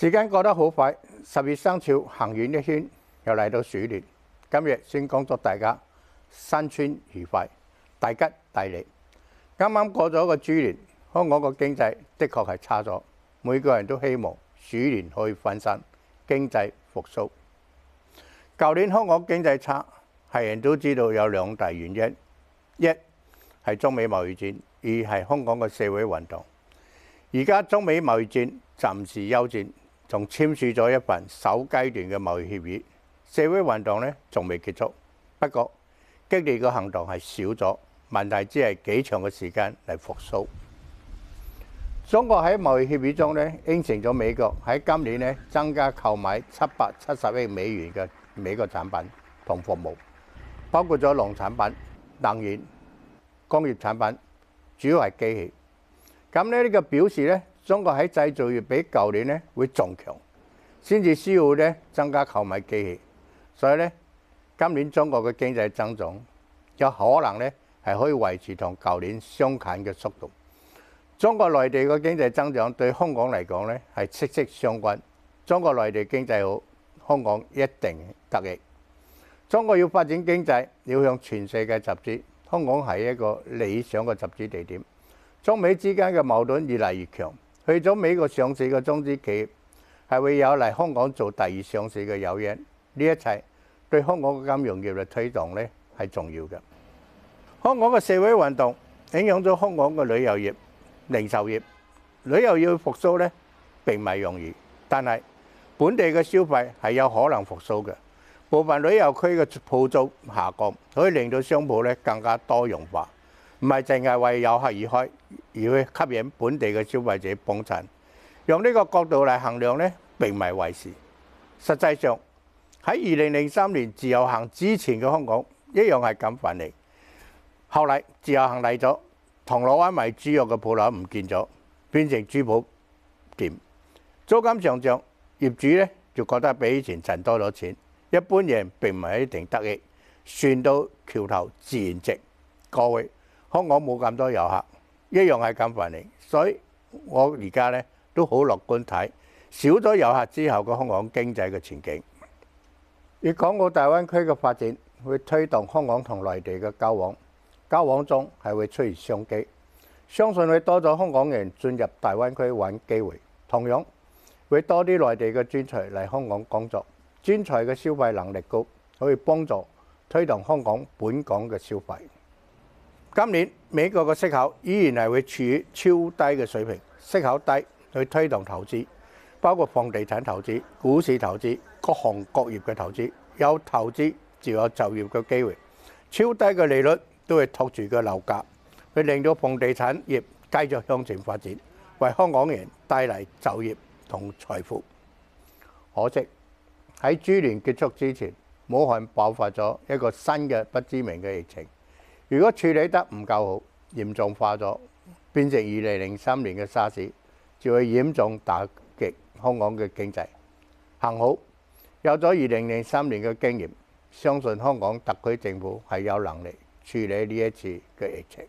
時間過得好快，十二生肖行完一圈，又嚟到鼠年。今日先講祝大家新春愉快，大吉大利。啱啱過咗個豬年，香港個經濟的確係差咗，每個人都希望鼠年可以翻身，經濟復甦。舊年香港經濟差，係人都知道有兩大原因：一係中美貿易戰，二係香港嘅社會運動。而家中美貿易戰暫時休戰。仲簽署咗一份首階段嘅貿易協議，社會運動咧仲未結束，不過激烈嘅行動係少咗，問題只係幾長嘅時間嚟復甦。中國喺貿易協議中咧應承咗美國喺今年咧增加購買七百七十億美元嘅美國產品同服務，包括咗農產品、能源、工業產品，主要係機器。咁咧呢個表示咧。中國喺製造業比舊年咧會仲強，先至需要咧增加購買機器。所以咧，今年中國嘅經濟增長有可能咧係可以維持同舊年相近嘅速度。中國內地嘅經濟增長對香港嚟講咧係息息相關。中國內地經濟好，香港一定得益。中國要發展經濟，要向全世界集資，香港係一個理想嘅集資地點。中美之間嘅矛盾越嚟越強。去咗美國上市嘅中資企業，係會有嚟香港做第二上市嘅誘因。呢一切對香港嘅金融業嘅推動咧係重要嘅。香港嘅社會運動影響咗香港嘅旅遊業、零售業。旅遊業復甦咧並唔係容易，但係本地嘅消費係有可能復甦嘅。部分旅遊區嘅鋪租下降，可以令到商鋪咧更加多樣化。唔係淨係為遊客而開，而會吸引本地嘅消費者幫襯。用呢個角度嚟衡量呢並唔係壞事。實際上喺二零零三年自由行之前嘅香港一樣係咁繁榮。後嚟自由行嚟咗，銅鑼灣賣豬肉嘅鋪頭唔見咗，變成珠寶店，租金上漲，業主呢就覺得比以前賺多咗錢。一般人並唔係一定得益，算到橋頭自然直。各位。香港冇咁多遊客，一樣係咁繁榮，所以我而家咧都好樂觀，睇少咗遊客之後嘅香港經濟嘅前景。粵港澳大灣區嘅發展會推動香港同內地嘅交往，交往中係會出現商機，相信會多咗香港人進入大灣區揾機會，同樣會多啲內地嘅專才嚟香港工作，專才嘅消費能力高，可以幫助推動香港本港嘅消費。今年美國嘅息口依然係會處於超低嘅水平，息口低去推動投資，包括房地產投資、股市投資、各行各業嘅投資。有投資就有就業嘅機會，超低嘅利率都會托住個樓價，佢令到房地產業繼續向前發展，為香港人帶嚟就業同財富。可惜喺豬年結束之前，武漢爆發咗一個新嘅不知名嘅疫情。如果處理得唔夠好，嚴重化咗，變成二零零三年嘅沙士，就會嚴重打擊香港嘅經濟。幸好有咗二零零三年嘅經驗，相信香港特區政府係有能力處理呢一次嘅疫情。